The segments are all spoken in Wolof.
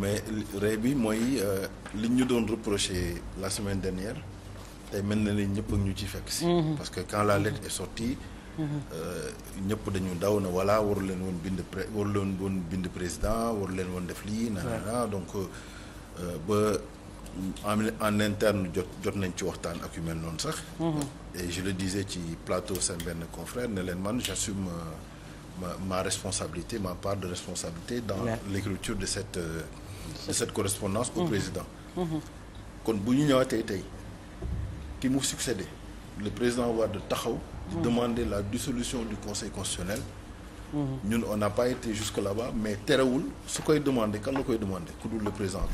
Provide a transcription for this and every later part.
mais rey bi mooy euh, li ñu doon reproché la semaine dernière tey mel na ni ñëpp ñu ci fekk si. Mm-hmm. parce que quand la lettre est sortie. Mm-hmm. Euh, ñëpp dañu daw na voilà waru leen woon bind pré waru leen woon bind président waru leen woon def lii. na donc euh, ba en en interne jot jot nañ ci waxtaan ak yu mel noonu sax. Mm-hmm. et je le disais ci plateau seen benn confrère ne leen man j'assume ma ma responsabilité ma part de responsabilité dans l'écriture de cette. de cette correspondance au mhm. président mhm. kon bu ñu ñëwaatee tey ki mu succédé le président Wade taxaw di mhm. demander la dissolution du conseil constitutionnel ñun on n'a pas été jusque là-bas mais terewul su koy demande kan la koy demander ku dul le président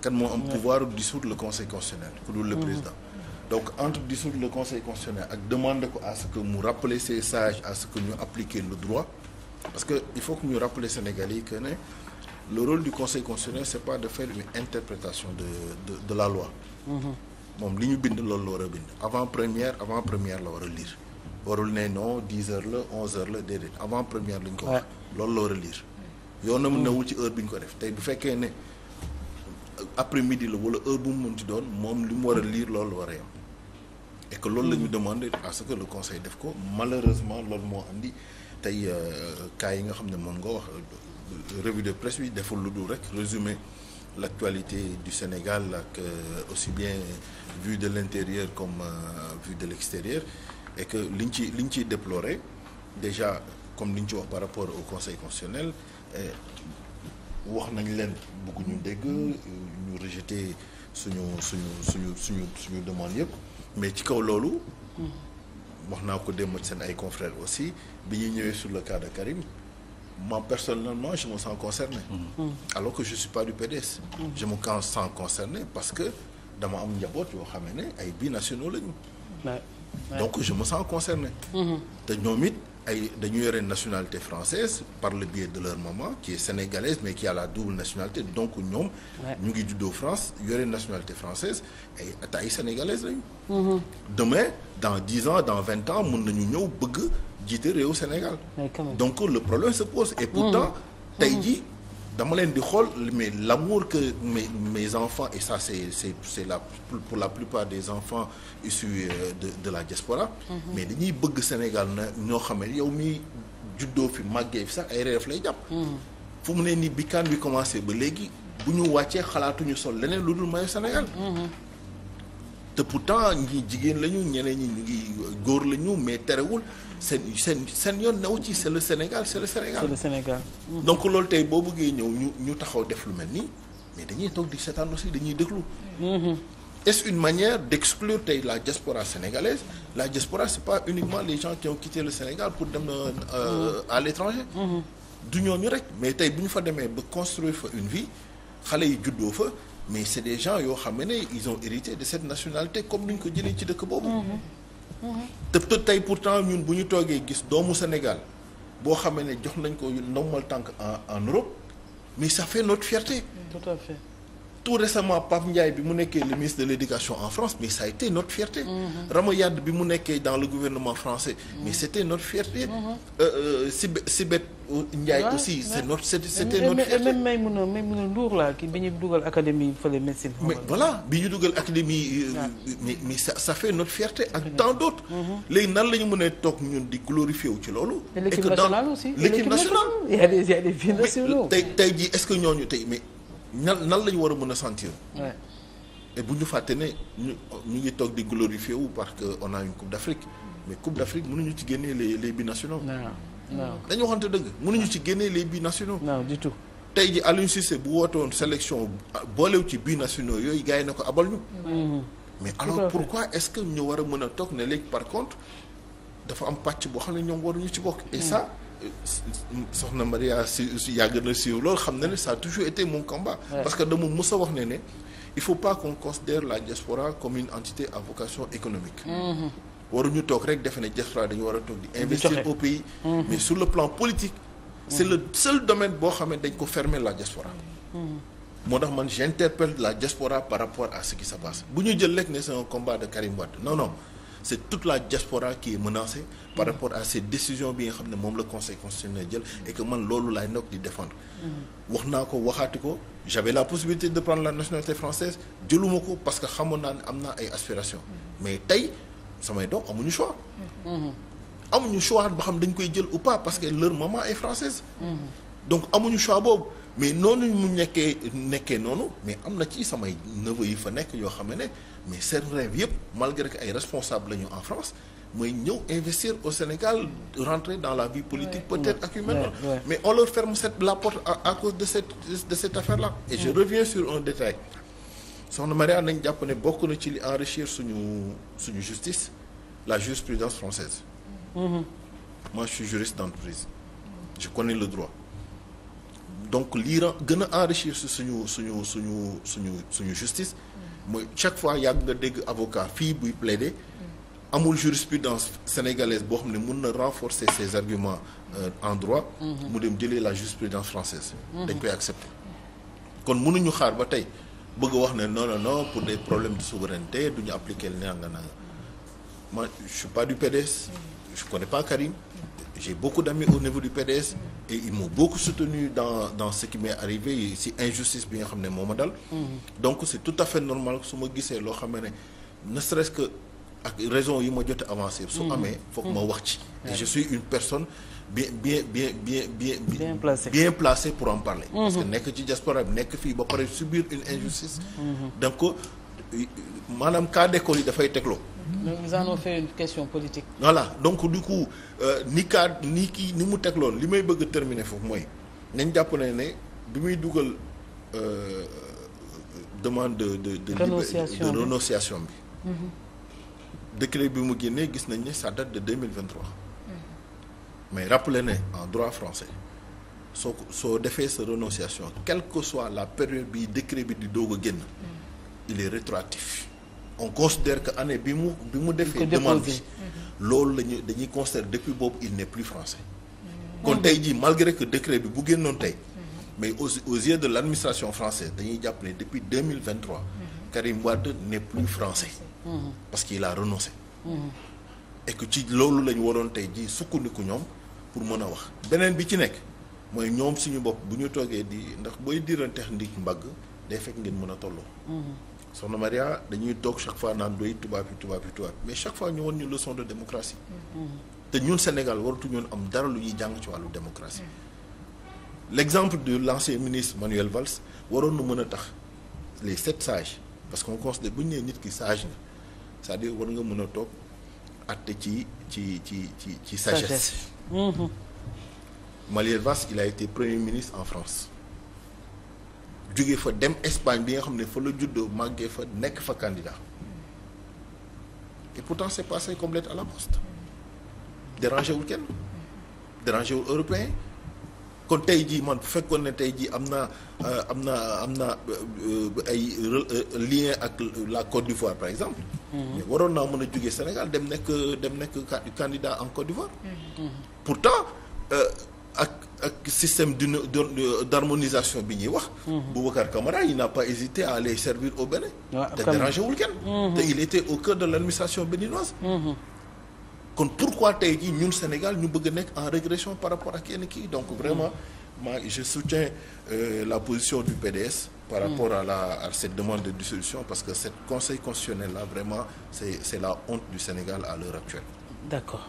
kan moo am pouvoir dissoudre le conseil constitutionnel ku dul le président donc entre dissoudre le conseil constitutionnel ak demande ko à ce que mu rappeler ses sage à ce que ñu appliquer le droit parce que il faut ñu rappeler Sénégalais yi que le rôle du conseil constitutionnel c'est pas de faire une interprétation de de, de la loi mm-hmm. moom li ñu bind loolu la war a bind avant première avant première la war a liir warul ne non dix heures la onze heures la déedéet avant première lañ ko wax loolu la war a lire yoonam mm-hmm. newul ci heure bi ñu ko def tey bu fekkee ne après midi la wala heure bu mu mën ci doon moom li mu war a liir loolu la war a yem et loolu la ñu mm-hmm. demandé à que le conseil def ko malheureusement loolu moo andi tey euh, cas yi nga xam ne moom nga wax revue de presse bi deful lu dul rek résumé l'actualité du Sénégal ak euh, aussi bien vue de l'intérieur comme euh, vue de l'extérieur et que liñ ci liñ ciy déploré déjà comme liñ ci wax par rapport au Conseil constitutionnel euh, wax nañ leen bëgguñu dégg ñu rejeté suñu suñu suñu suñu suñu demande yëpp mais ci kaw loolu mm. wax naa ko dem seen ay confrères aussi bi ñuy ñëwee sur le cas de Karim moi personnellement je me sens concerné mm-hmm. alors que je suis pas du PDS mm-hmm. je me sens concerné parce que dama am njaboot yoo xam ne ay binationaux lañu donc je me sens concerné mm-hmm. te ñoom it ay dañu yore nationalité française par le biais de leur maman qui est sénégalaise mais qui a la double nationalité donc ñoom ñu ngi juddoo France yore nationalité française ay ataay sénégalaise lañu demain dans dix ans dans vingt ans mun nañu ñëw bëgg jiite réew Sénégal. donc le problème se pose et pourtant. Mmh. tey mmh. jii dama leen di xool mais l'amour que mes mes enfants et ça c'est c'est la pour la plupart des enfants issus euh, de de la diaspora. Mmh. mais dañuy bëgg Sénégal na ñoo xam ne yow mi juddoo fi màggee fi sax ay reef lay jàpp. fu mu ne nii bi bi commencé ba léegi bu ñu wàccee xalaatuñu sol leneen lu dul maillot Sénégal. te pourtant ngi jigéen lañu ñeneen ñi ñu ngi góor lañu mais terewul seen seen seen yoon new ci c'est le Sénégal c'est le Sénégal. c'est le donc loolu tey boo bëggee ñëw ñu ñu taxaw def lu mel nii mais dañuy toog di seetaan aussi dañuy déglu. Mm-hmm. est une manière d'exclure tey la diaspora sénégalaise la diaspora c'est pas uniquement les gens qui ont quitté le Sénégal pour dem euh, mm-hmm. à l'étranger mm-hmm. du ñooñu rek mais tey bu ñu fa demee ba construire fa une vie xale yi juddoo fa. mais c'est des gens yoo xam ne ils ont hérité de cette nationalité comme ni ñu ko jëlee ci dëkk boobu. te te tey pourtant ñun bu ñu toogee gis doomu Sénégal boo xam ne jox nañ ko ndombal tànk en en Europe mais ça fait notre fierté. tout tout récemment Pape Ndiaye bi mu nekkee le ministre de l'éducation en France mais ça a été notre fierté mm-hmm. Rama Yade bi mu nekkee dans le gouvernement français mais mm-hmm. c'était notre fierté Sib mm-hmm. euh, euh, Sibeth Ndiaye aussi c'est notre c'était notre fierté même Maïmouna Maïmouna Ndour la ki bi ñu dugal académie fële médecine mais voilà bi ñu dugal académie euh, mais mais ça ça fait notre ak tant d'autres léegi nan la ñu mën toog ñun di glorifier wu ci loolu et que dans l'équipe tey tey jii est-ce que ñooñu tey mais nan nan la ñu war a mën a sentir. et bu ñu fàtte ne ñu ñu ngi toog di glorifier wu parce que on a une coupe d' Afrique mais coupe d' Afrique mënuñu ci génnee les bi binationaux. non non dañu waxante dëgg mënuñu ci génnee les binationaux. non du tout. tey ji Aliou Cissé bu woote woon sélection boolew ci binationaux yooyu gars yi na ko abal ñu. Mm-hmm. mais alors pourquoi est ce que ñu war a mën a toog ne léegi par contre dafa am pàcc boo xam ne ñoom ñu ci bokk. et mm. ça. soxna Maria si yàgg na siiw loolu xam na ne ça a toujours été mon combat. parce que dama mës a wax ne ne il faut pas qu'on considère la diaspora comme une entité à vocation économique. Mhm. waruñu toog rek defe ne diaspora dañu war a toog di. investir au pays. Mhm. mais sur le plan politique. c'est le mhm. seul domaine boo xam ne dañ ko fermer la diaspora. moo tax man j'interpelle la diaspora par rapport à ce qui se passe bu ñu jël rek ne c'est un combat de Karim c'est tout la diaspora qui est menacée par rapport à ces décisions bi nga xam ne moom la conseil constitutionnel jël et que man loolu laay nekk di défendre wax naa ko waxaati ko j'avais la possibilité de prendre la nationalité française jëluma ko parce que xamoon naa ne am na ay aspirations mais tey samay doom amuñu choix amuñu choix ba xam dañ koy jël ou pas parce que leur maman ay française mm-hmm. donc amuñu choix boobu mais noonu mu nekkee nekkee noonu mais am na ci samay neveu yi fa nekk yoo xam ne mais seen rêve yëpp malgré que ay responsable la ñu en France mooy ñëw investir au Sénégal rentrer dans la vie politique ouais, peut-être ak yu mais on leur ferme la porte à, à cause de cette de cette affaire là et je reviens sur un détail soxna Maria nañ jàpp ne bokk na ci li enrichir suñu suñu justice la jurisprudence française mm -hmm. moi je suis juriste d'entreprise je connais le droit donc lii gën a enrichir suñu suñu suñu suñu suñu justice mm. mooy chaque fois yàgg nga dégg avocat fii buy plaider mm. amul jurisprudence sénégalaise boo xam ne mun na renforcer ses arguments euh, en droit mm-hmm. mu dem jëlee la jurisprudence française mm-hmm. dañ koy accepter kon mënuñu xaar ba tey bëgg wax ne non non pour des problèmes de souveraineté duñu appliquer le nanga nanga moi je suis pas du PDS mm. je connais pas Karim j'ai beaucoup d'amis au niveau du PDS et ils m'ont beaucoup soutenu dans dans ce qui m'est arrivé si injustice bi nga xam ne moo ma dal. Mhm. donc c'est tout à fait normal su ma gisee loo xam ne ne serait-ce que ak raison yi ma jot avancer su mhm. amee foog ma mhm. wax ci. et je suis une personne bien bien bien bien bien. bien placée bien placée pour en parler. parce que nekk ci diaspora bi nekk fii ba pare subir une injustice. ko euh, maanaam cas d'école yi dafay tegloo. nous allons faire voilà donc du coup euh, ni kaa ni kii ni mu teg loolu li may bëgg a terminer foofu mooy nañ jàpp ne ne bi muy dugal euh, demande de de de. renonciation de renonciation bi. Mhm. décret bi mu génnee gis nañ ne ça date de deux mille vingt trois. Mhm. mais rappelez ne en droit français soo ko soo defee sa renonciation quelle que soit la période bi décret bi di doog a génn. Mhm. il est rétroactif. on considère que année bi mu bi mu defee demande bi mhm. loolu la ñu dañuy considère depuis boobu il n'est plus français mhm. kon mhm. tey jii malgré que décret bi bu génnoon tey mais aussi aux yeux de l'administration française dañuy jàpp ne depuis 2023 Karim Wade n'est plus français parce que a renoncé et que ci loolu la waroon tey jii sukkandiku ñoom pour mën a wax beneen bi ci nekk mooy ñoom suñu bopp bu ñu toogee di ndax booy diran technique mbagg day fekk ngeen mën a tolloo soxna Maria dañuy toog chaque fois naan doy tubaab yi tubaab yi tubaab mais chaque fois ñu woon ñu leçon de démocratie. Mm-hmm. te ñun Sénégal waratu ñoon am dara lu ñuy jàng ci wàllu démocratie. Mm-hmm. l' exemple de l' ministre Manuel Valls waroon na mën a tax les sept sages parce qu'on considère bu ñu nee nit ki sage na cest dire war nga mën a toog àtte ci ci ci ci ci sagesse. Mm-hmm. Manuel Valls il a été premier ministre en France. jóge fa dem Espagne bi nga xam ne fa la juddoo màggee fa nekk fa candidat et pourtant c'est passé comme lettre à la poste dérangé wul kenn dérangé wul européen kon tey jii man bu fekkoon ne tey jii am na euh, am na am naa euh, ay euh, lien ak la Côte d'Ivoire par exemple. Mhm. mais waroon naa mën a jóge Sénégal dem nekk dem nekk candidat en Côte d'Ivoire. Mhm. pourtant ak. ak système d'une euh, d'harmonisation bi ñuy wax. Mhm. Boubacar Camara il n'a pas hésité à aller servir au Bénin. te dérangé wul kenn. Mhm. au cœur de l'administration béninoise. Mhm. kon pourquoi tey jii ñun Sénégal ñu bëgg nekk en régression par rapport ak yenn kii donc vraiment ma je soutiens euh, la position du PDS. par rapport à la à cette demande de dissolution parce que cette conseil constitutionnel là vraiment c'est c'est la honte du Sénégal à l'heure actuelle.